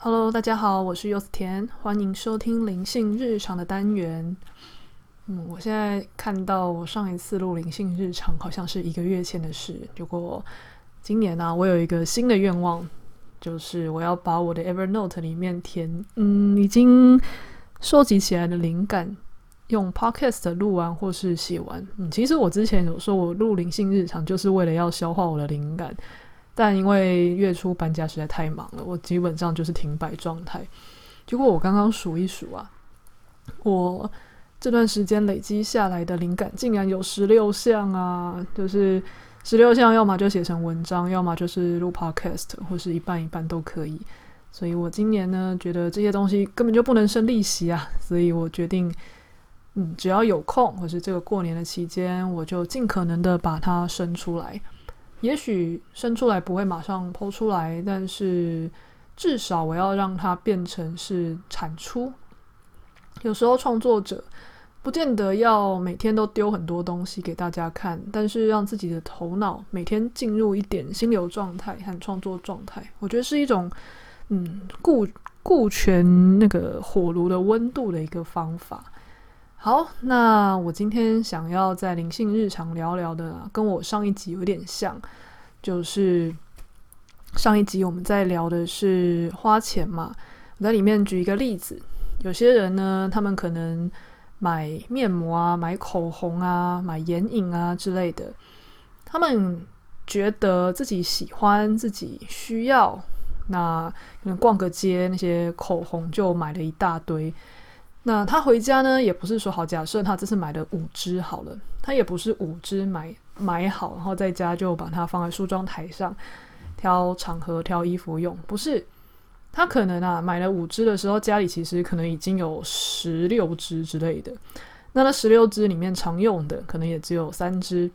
Hello，大家好，我是柚子甜，歡迎收聽靈性日常的單元。嗯，我現在看到我上一次錄靈性日常好像是一個月前的事。結果今年呢，啊，我有一個新的願望，就是我要把我的 Evernote 裡面填，嗯，已經收集起來的靈感用 Podcast 錄完或是寫完。嗯，其實我之前有說，我錄靈性日常就是為了要消化我的靈感。但因為月初搬家實在太忙了，我基本上就是停擺狀態。結果我剛剛數一數啊，我這段時間累積下來的靈感竟然有十六項啊！就是十六項，要麼就寫成文章，要麼就是錄 podcast，或是一半一半都可以。所以我今年呢，覺得這些東西根本就不能生利息啊，所以我決定，嗯，只要有空，或是這個過年的期間，我就盡可能的把它生出來。也許生出來不會馬上 po 出來，但是至少我要讓它變成是產出。有時候創作者不見得要每天都丟很多東西給大家看，但是讓自己的頭腦每天進入一點心流狀態和創作狀態，我覺得是一種嗯顧顧全那個火爐的溫度的一個方法。好，那我今天想要在靈性日常聊聊的啊，跟我上一集有點像，就是上一集我們在聊的是花錢嘛。我在裡面舉一個例子，有些人呢，他們可能買面膜啊，買口紅啊，買眼影啊之類的，他們覺得自己喜歡，自己需要，那可能逛個街，那些口紅就買了一大堆。那他回家呢，也不是說好。假設他這次買了五支好了，他也不是五支買買好，然後在家就把它放在梳妝台上，挑場合挑衣服用，不是。他可能啊，買了五支的時候，家裡其實可能已經有十六支之類的。那那十六支裡面常用的，可能也只有三支。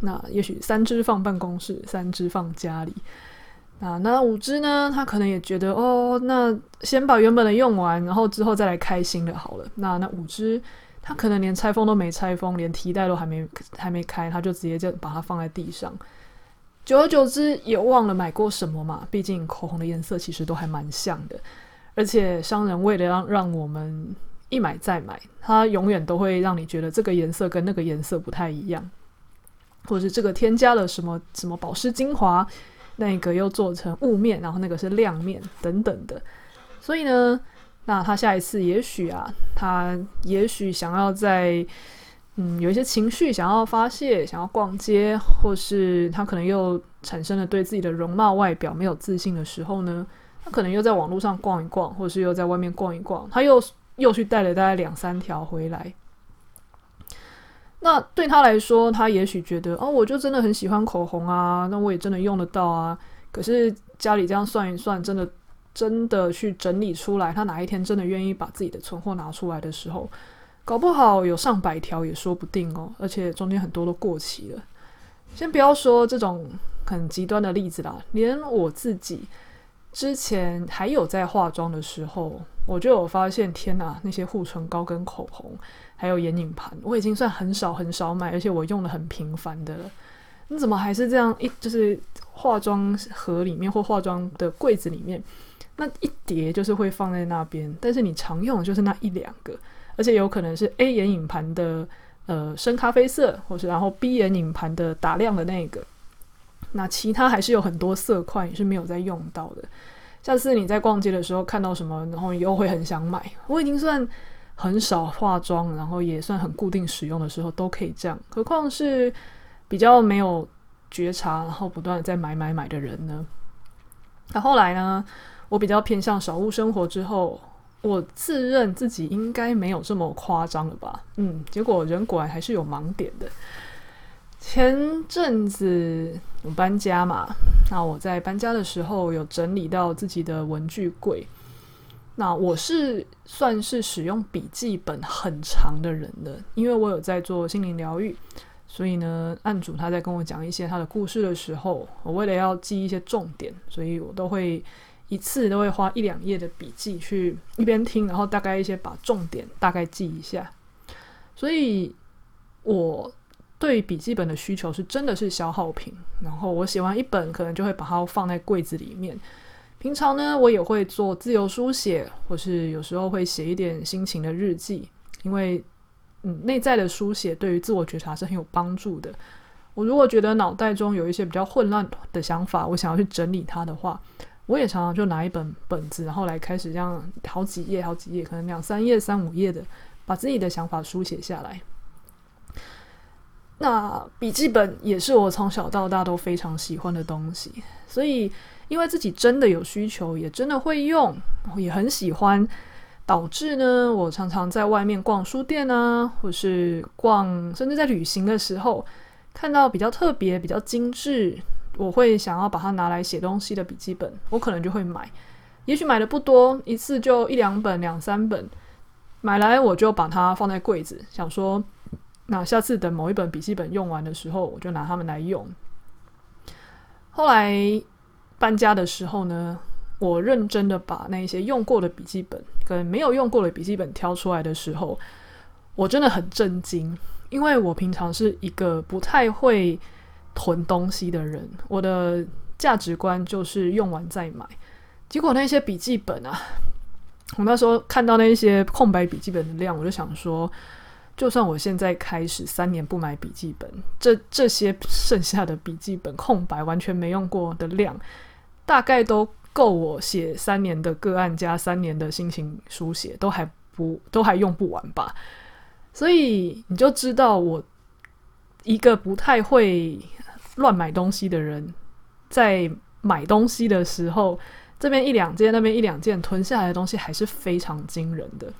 那也許三支放辦公室，三支放家裡。那那五支呢，他可能也覺得哦，那先把原本的用完，然後之後再來開新的好了。那那五支，他可能連拆封都沒拆封，連提袋都還沒還沒開，他就直接就把它放在地上。久而久之也忘了買過什麼嘛。畢竟口紅的顏色其實都還蠻像的，而且商人為了讓讓我們一買再買，他永遠都會讓你覺得這個顏色跟那個顏色不太一樣，或者是這個添加了什麼什麼保濕精華。那個又做成霧面，然後那個是亮面等等的，所以呢，那他下一次也許啊，他也許想要在嗯有一些情緒想要發洩，想要逛街，或是他可能又產生了對自己的容貌外表沒有自信的時候呢，他可能又在網絡上逛一逛，或是又在外面逛一逛，他又又去帶了大概兩三條回來。那對他來說，他也許覺得哦，我就真的很喜歡口紅啊，那我也真的用得到啊。可是家裡這樣算一算，真的真的去整理出來，他哪一天真的願意把自己的存貨拿出來的時候，搞不好有上百條也說不定哦。而且中間很多都過期了。先不要說這種很極端的例子啦，連我自己之前還有在化妝的時候。我就有發現，天吶，那些護唇膏，跟口紅，還有眼影盤，我已經算很少很少買，而且我用的很頻繁的了。你怎麼還是這樣一，就是化妝盒裡面或化妝的櫃子裡面，那一疊就是會放在那邊，但是你常用的就是那一兩個，而且有可能是 A 眼影盤的呃深咖啡色，或是然後 B 眼影盤的打亮的那個，那其他還是有很多色塊也是沒有在用到的。下次你在逛街的時候看到什麼，然後你又會很想買。我已經算很少化妝，然後也算很固定使用的時候都可以這樣，何況是比較沒有覺察，然後不斷在買買買的人呢？那、啊、後來呢，我比較偏向少物生活之後，我自認自己應該沒有這麼誇張了吧？嗯，結果人果然還是有盲點的。前陣子我搬家嘛，那我在搬家的時候有整理到自己的文具櫃。那我是算是使用筆記本很長的人的，因為我有在做心靈療癒，所以呢，案主他在跟我講一些他的故事的時候，我為了要記一些重點，所以我都會一次都會花一兩頁的筆記去一邊聽，然後大概一些把重點大概記一下。所以我對於筆記本的需求是真的是消耗品，然後我寫完一本可能就會把它放在櫃子裡面。平常呢，我也會做自由書寫，或是有時候會寫一點心情的日記，因為嗯，內在的書寫對於自我覺察是很有幫助的。我如果覺得腦袋中有一些比較混亂的想法，我想要去整理它的話，我也常常就拿一本本子，然後來開始這樣好幾頁、好幾頁，可能兩三頁、三五頁的，把自己的想法書寫下來。那筆記本也是我從小到大都非常喜歡的東西，所以因為自己真的有需求，也真的會用，也很喜歡，導致呢，我常常在外面逛書店啊，或是逛，甚至在旅行的時候，看到比較特別、比較精緻，我會想要把它拿來寫東西的筆記本，我可能就會買。也許買的不多，一次就一兩本、兩三本，買來我就把它放在櫃子，想說。那下次等某一本筆記本用完的時候，我就拿它們來用。後來搬家的時候呢，我認真的把那一些用過的筆記本跟沒有用過的筆記本挑出來的時候，我真的很震驚，因為我平常是一個不太會囤東西的人，我的價值觀就是用完再買。結果那些筆記本啊，我那時候看到那一些空白筆記本的量，我就想說，就算我現在開始三年不買筆記本，這這些剩下的筆記本空白完全沒用過的量，大概都夠我寫三年的個案加三年的心情書寫，都還不都還用不完吧？所以你就知道，我一個不太會亂買東西的人，在買東西的時候，這邊一兩件，那邊一兩件囤下來的東西還是非常驚人的。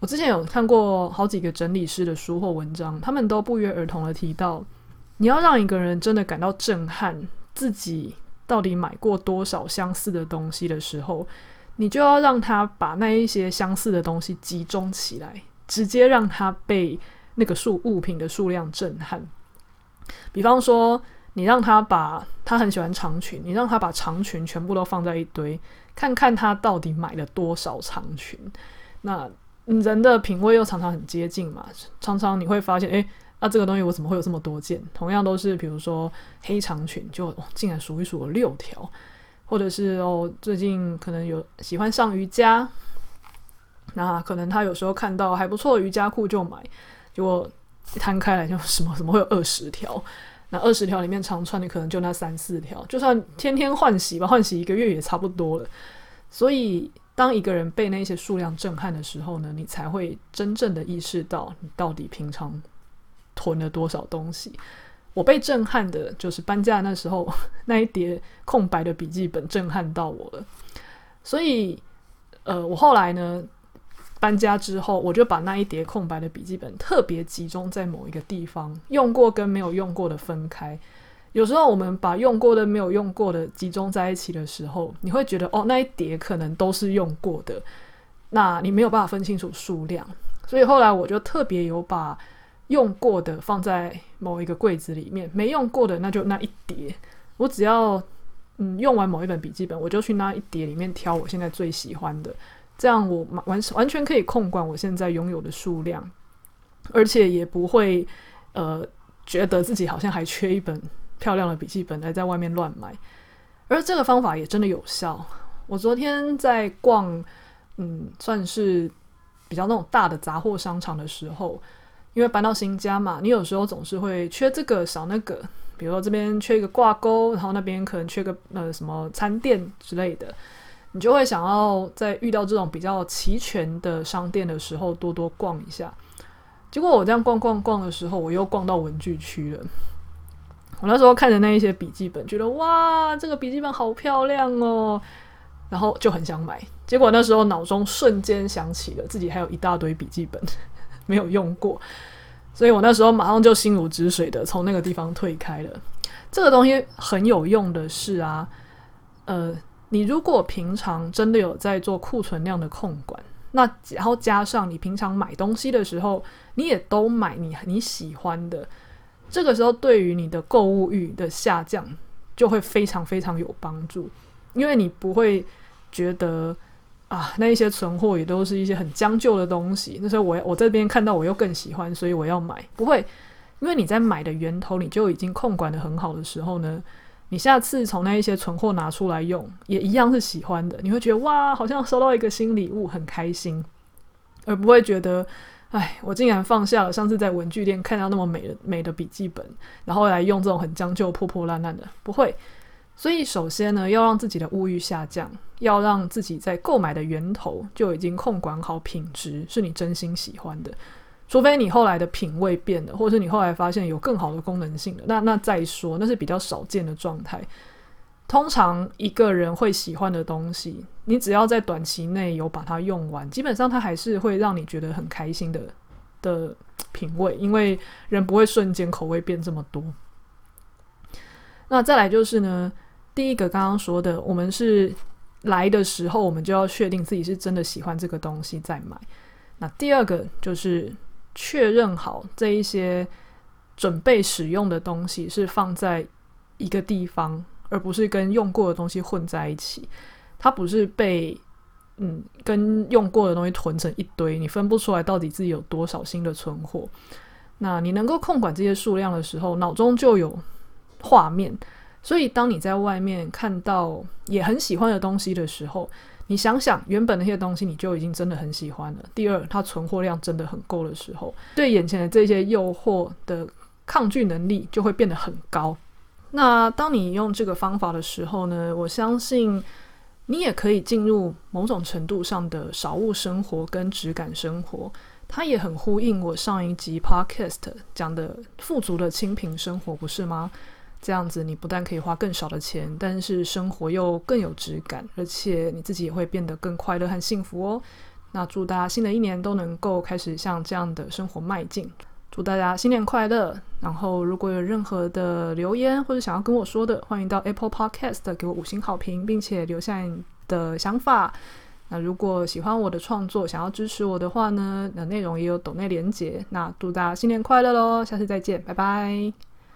我之前有看過好幾個整理師的書或文章，他們都不約而同地提到，你要讓一個人真的感到震撼，自己到底買過多少相似的東西的時候，你就要讓他把那一些相似的東西集中起來，直接讓他被那個數物品的數量震撼。比方說，你讓他把他很喜歡長裙，你讓他把長裙全部都放在一堆，看看他到底買了多少長裙。那人的品味又常常很接近嘛，常常你會發現，哎，那、啊、這個東西我怎麼會有這麼多件？同樣都是，比如說黑長裙就，就竟然數一數六條，或者是哦，最近可能有喜歡上瑜伽，那可能他有時候看到還不錯的瑜伽褲就買，結果攤開來就什麼什麼會有二十條，那二十條裡面常穿的可能就那三四條，就算天天換洗吧，換洗一個月也差不多了，所以。當一個人被那些數量震撼的時候呢，你才會真正的意識到你到底平常囤了多少東西。我被震撼的就是搬家的那時候，那一疊空白的筆記本震撼到我了。所以，呃，我後來呢，搬家之後，我就把那一疊空白的筆記本特別集中在某一個地方，用過跟沒有用過的分開。有時候我們把用過的、沒有用過的集中在一起的時候，你會覺得哦，那一疊可能都是用過的，那你沒有辦法分清楚數量。所以後來我就特別有把用過的放在某一個櫃子裡面，沒用過的那就那一疊。我只要嗯，用完某一本筆記本，我就去那一疊裡面挑我現在最喜歡的，這樣我完，完全可以控管我現在擁有的數量，而且也不會呃，覺得自己好像還缺一本。漂亮的筆記本來在外面亂買，而這個方法也真的有效。我昨天在逛，嗯，算是比較那種大的雜貨商場的時候，因為搬到新家嘛，你有時候總是會缺這個少那個，比如說這邊缺一個掛鈎，然後那邊可能缺個呃什麼餐墊之類的，你就會想要在遇到這種比較齊全的商店的時候多多逛一下。結果我這樣逛逛逛的時候，我又逛到文具區了。我那時候看着那一些筆記本，覺得哇，這個筆記本好漂亮哦，然後就很想買。結果那時候腦中瞬間想起了自己還有一大堆筆記本沒有用過，所以我那時候馬上就心如止水的從那個地方退開了。這個東西很有用的是啊，呃，你如果平常真的有在做庫存量的控管，那然後加上你平常買東西的時候，你也都買你你喜歡的。這個時候，對於你的購物慾的下降，就會非常非常有幫助，因為你不會覺得啊，那一些存貨也都是一些很將就的東西。那時候我，我我這邊看到我又更喜歡，所以我要買。不會，因為你在買的源頭你就已經控管得很好的時候呢，你下次從那一些存貨拿出來用，也一樣是喜歡的。你會覺得哇，好像收到一個新禮物，很開心，而不會覺得。哎，我竟然放下了上次在文具店看到那麼美的美的筆記本，然後來用這種很將就、破破爛爛的，不會。所以首先呢，要讓自己的物欲下降，要讓自己在購買的源頭就已經控管好品質，是你真心喜歡的。除非你後來的品味變了，或者是你後來發現有更好的功能性了。那那再說，那是比較少見的狀態。通常一個人會喜歡的東西，你只要在短期內有把它用完，基本上它還是會讓你覺得很開心的的品味，因為人不會瞬間口味變這麼多。那再來就是呢，第一個剛剛說的，我們是來的時候，我們就要確定自己是真的喜歡這個東西再買。那第二個就是確認好這一些準備使用的東西是放在一個地方。而不是跟用過的東西混在一起，它不是被嗯跟用過的東西囤成一堆，你分不出來到底自己有多少新的存貨。那你能夠控管這些數量的時候，腦中就有畫面。所以當你在外面看到也很喜歡的東西的時候，你想想原本那些東西，你就已經真的很喜歡了。第二，它存貨量真的很夠的時候，對眼前的這些誘惑的抗拒能力就會變得很高。那當你用這個方法的時候呢，我相信你也可以進入某種程度上的少物生活跟質感生活。它也很呼應我上一集 Podcast 講的富足的清貧生活，不是嗎？這樣子你不但可以花更少的錢，但是生活又更有質感，而且你自己也會變得更快樂和幸福哦。那祝大家新的一年都能夠開始向這樣的生活邁進。祝大家新年快樂！然後如果有任何的留言或者想要跟我說的，歡迎到 Apple Podcast 給我五星好評，並且留下你的想法。那如果喜歡我的創作，想要支持我的話呢，那內容也有抖內連結，那祝大家新年快樂嘍！下次再見，拜拜。